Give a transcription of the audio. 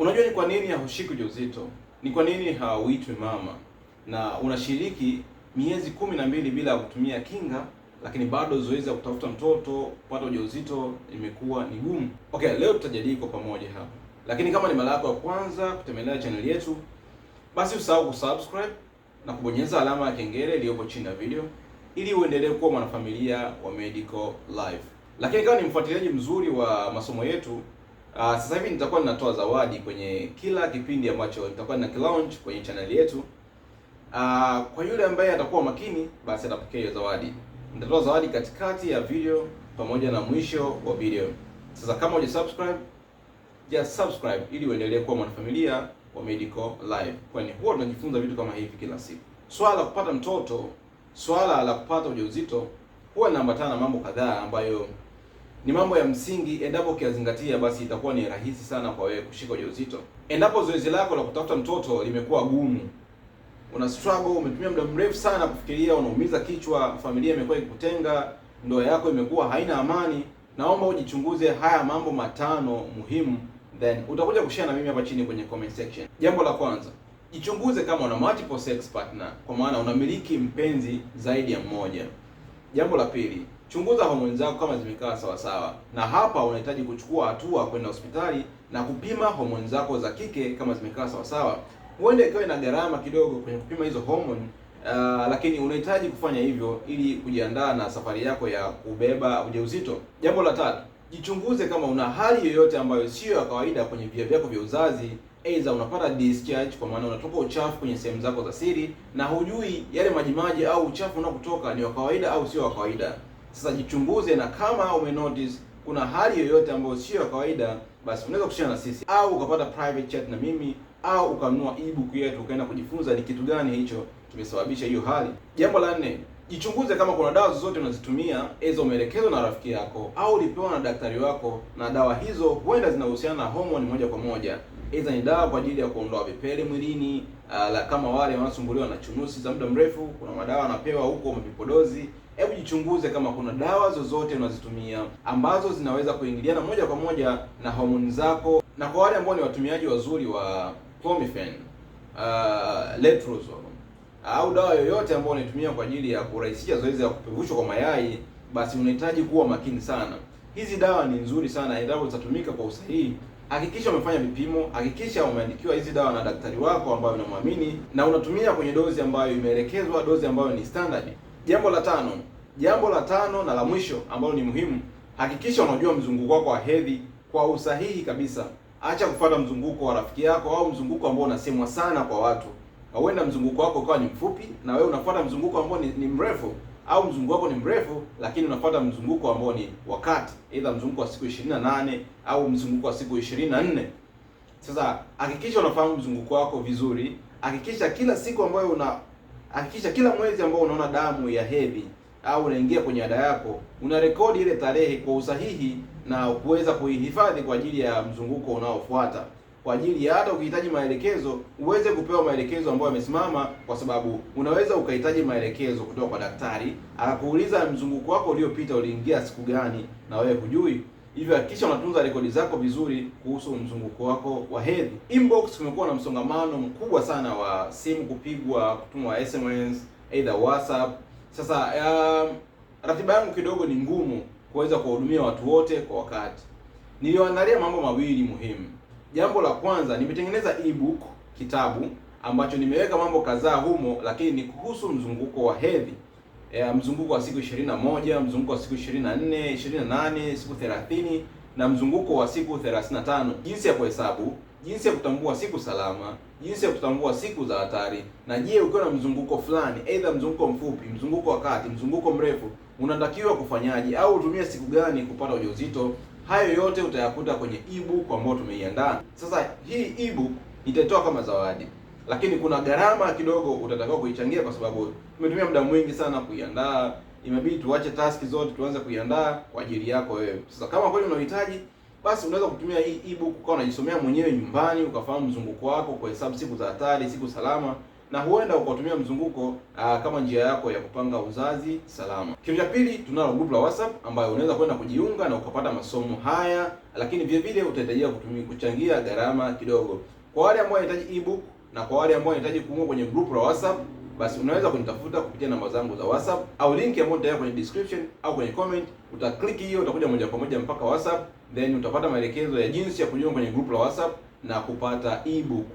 Unajua ni kwa nini haushiki ujauzito? Ni kwa nini hauitwi mama na unashiriki miezi kumi na mbili bila kutumia kinga, lakini bado zoezi ya kutafuta mtoto, kupata ujauzito imekuwa ni gumu? Okay, leo tutajadili kwa pamoja hapa, lakini kama ni mara yako ya kwanza kutembelea chaneli yetu, basi usahau kusubscribe na kubonyeza alama ya kengele iliyopo chini ya video ili uendelee kuwa mwanafamilia wa Medical Life. Lakini kama ni mfuatiliaji mzuri wa masomo yetu Uh, sasa hivi nitakuwa ninatoa zawadi kwenye kila kipindi ambacho nitakuwa nina kilaunch kwenye channel yetu. Uh, kwa yule ambaye atakuwa makini basi atapokea hiyo zawadi. Nitatoa zawadi katikati ya video pamoja na mwisho wa video. Sasa kama huja subscribe, just subscribe ili uendelee kuwa mwanafamilia wa Medical Live, kwani huwa tunajifunza vitu kama hivi kila siku. Swala la kupata mtoto, swala la kupata ujauzito huwa linaambatana na mambo kadhaa ambayo ni mambo ya msingi. Endapo ukiyazingatia, basi itakuwa ni rahisi sana kwa wewe kushika ujauzito. Endapo zoezi lako la kutafuta mtoto limekuwa gumu, una struggle, umetumia muda mrefu sana kufikiria, unaumiza kichwa, familia imekuwa ikikutenga, ndoa yako imekuwa haina amani, naomba ujichunguze haya mambo matano muhimu, then utakuja kushare na mimi hapa chini kwenye comment section. Jambo la kwanza, jichunguze kama una multiple sex partner, kwa maana unamiliki mpenzi zaidi ya mmoja. Jambo la pili Chunguza homoni zako kama zimekaa sawa sawa, na hapa unahitaji kuchukua hatua kwenda hospitali na kupima homoni zako za kike kama zimekaa sawa sawa. Huenda ikawa na gharama kidogo kwenye kupima hizo homoni uh, lakini unahitaji kufanya hivyo ili kujiandaa na safari yako ya kubeba ujauzito. Jambo la tatu, jichunguze kama una hali yoyote ambayo siyo ya kawaida kwenye via vyako vya uzazi. Aidha, unapata discharge kwa maana unatoka uchafu kwenye sehemu zako za siri na hujui yale majimaji au uchafu unaokutoka ni wa kawaida au sio wa kawaida. Sasa jichunguze, na kama umenotice kuna hali yoyote ambayo sio ya kawaida, basi unaweza kushare na sisi au ukapata private chat na mimi au ukanunua ebook yetu ukaenda kujifunza ni kitu gani hicho kimesababisha hiyo hali. Jambo la nne, jichunguze kama kuna dawa zozote unazitumia aidha umeelekezwa na rafiki yako au ulipewa na daktari wako, na dawa hizo huenda zinahusiana na homoni moja kwa moja. Aidha ni dawa kwa ajili ya kuondoa vipele mwilini, ah, la kama wale wanasumbuliwa na chunusi za muda mrefu, kuna madawa anapewa huko mavipodozi. Hebu jichunguze kama kuna dawa zozote unazitumia ambazo zinaweza kuingiliana moja kwa moja na homoni zako. Na kwa wale ambao ni watumiaji wazuri wa Clomifen, uh, ah, letrozole au dawa yoyote ambayo unaitumia kwa ajili ya kurahisisha zoezi la kupevushwa kwa mayai, basi unahitaji kuwa makini sana. Hizi dawa ni nzuri sana endapo zitatumika kwa usahihi. Hakikisha umefanya vipimo, hakikisha umeandikiwa hizi dawa na daktari wako ambayo unamwamini na unatumia kwenye dozi ambayo imeelekezwa, dozi ambayo ni standard. Jambo la tano, jambo la tano na la mwisho ambalo ni muhimu, hakikisha unajua mzunguko wako wa hedhi kwa usahihi kabisa. Acha kufuata mzunguko wa rafiki yako au mzunguko ambao unasemwa sana kwa watu. Huenda mzunguko wako ukawa ni mfupi na wewe unafuata mzunguko ambao ni, ni mrefu au mzunguko wako ni mrefu, lakini unafuata mzunguko ambao ni wakati, aidha mzunguko wa siku 28 au mzunguko wa siku 24. Sasa hakikisha unafahamu mzunguko wako vizuri, hakikisha kila siku ambayo una hakikisha kila mwezi ambao unaona damu ya hedhi au unaingia kwenye ada yako, unarekodi ile tarehe kwa usahihi na kuweza kuihifadhi kwa ajili ya mzunguko unaofuata kwa ajili ya hata ukihitaji maelekezo uweze kupewa maelekezo ambayo yamesimama, kwa sababu unaweza ukahitaji maelekezo kutoka kwa daktari akakuuliza mzunguko wako uliopita uliingia siku gani, na wewe hujui. Hivyo hakikisha unatunza rekodi zako vizuri kuhusu mzunguko wako wa hedhi. Inbox kumekuwa na msongamano mkubwa sana wa simu kupigwa, kutumwa SMS either WhatsApp. Sasa um, ratiba yangu kidogo ni ngumu kuweza kuwahudumia watu wote kwa wakati. Niliwaandalia mambo mawili muhimu. Jambo la kwanza, nimetengeneza ebook kitabu ambacho nimeweka mambo kadhaa humo, lakini ni kuhusu mzunguko wa hedhi e, mzunguko wa siku 21, mzunguko wa siku 24, 28, siku 30 na mzunguko wa siku 35, jinsi ya kuhesabu, jinsi ya kutambua siku salama, jinsi ya kutambua siku za hatari, na je, ukiwa na mzunguko fulani, aidha mzunguko mfupi, mzunguko wa kati, mzunguko mrefu, unatakiwa kufanyaje au utumie siku gani kupata ujauzito Hayo yote utayakuta kwenye ebook ambayo tumeiandaa. Sasa hii ebook nitaitoa kama zawadi, lakini kuna gharama kidogo utatakiwa kuichangia, kwa sababu tumetumia muda mwingi sana kuiandaa. Imebidi tuache taski zote tuanze kuiandaa kwa ajili yako wewe. Sasa kama kweli unahitaji basi unaweza kutumia hii ebook ukawa unajisomea mwenyewe nyumbani, ukafahamu mzunguko wako, kuhesabu siku za hatari, siku salama na huenda ukatumia mzunguko aa, ah, kama njia yako ya kupanga uzazi salama. Kitu cha pili, tunalo group la WhatsApp ambayo unaweza kwenda kujiunga na ukapata masomo haya, lakini vile vile utahitajia kutumia kuchangia gharama kidogo. Kwa wale ambao wanahitaji ebook na kwa wale ambao wanahitaji kuungwa kwenye group la WhatsApp basi unaweza kunitafuta kupitia namba zangu za WhatsApp au link ambayo nitaweka kwenye description au kwenye comment. Utakliki hiyo, utakuja moja kwa moja mpaka WhatsApp, then utapata maelekezo ya jinsi ya kujiunga kwenye group la WhatsApp na kupata ebook.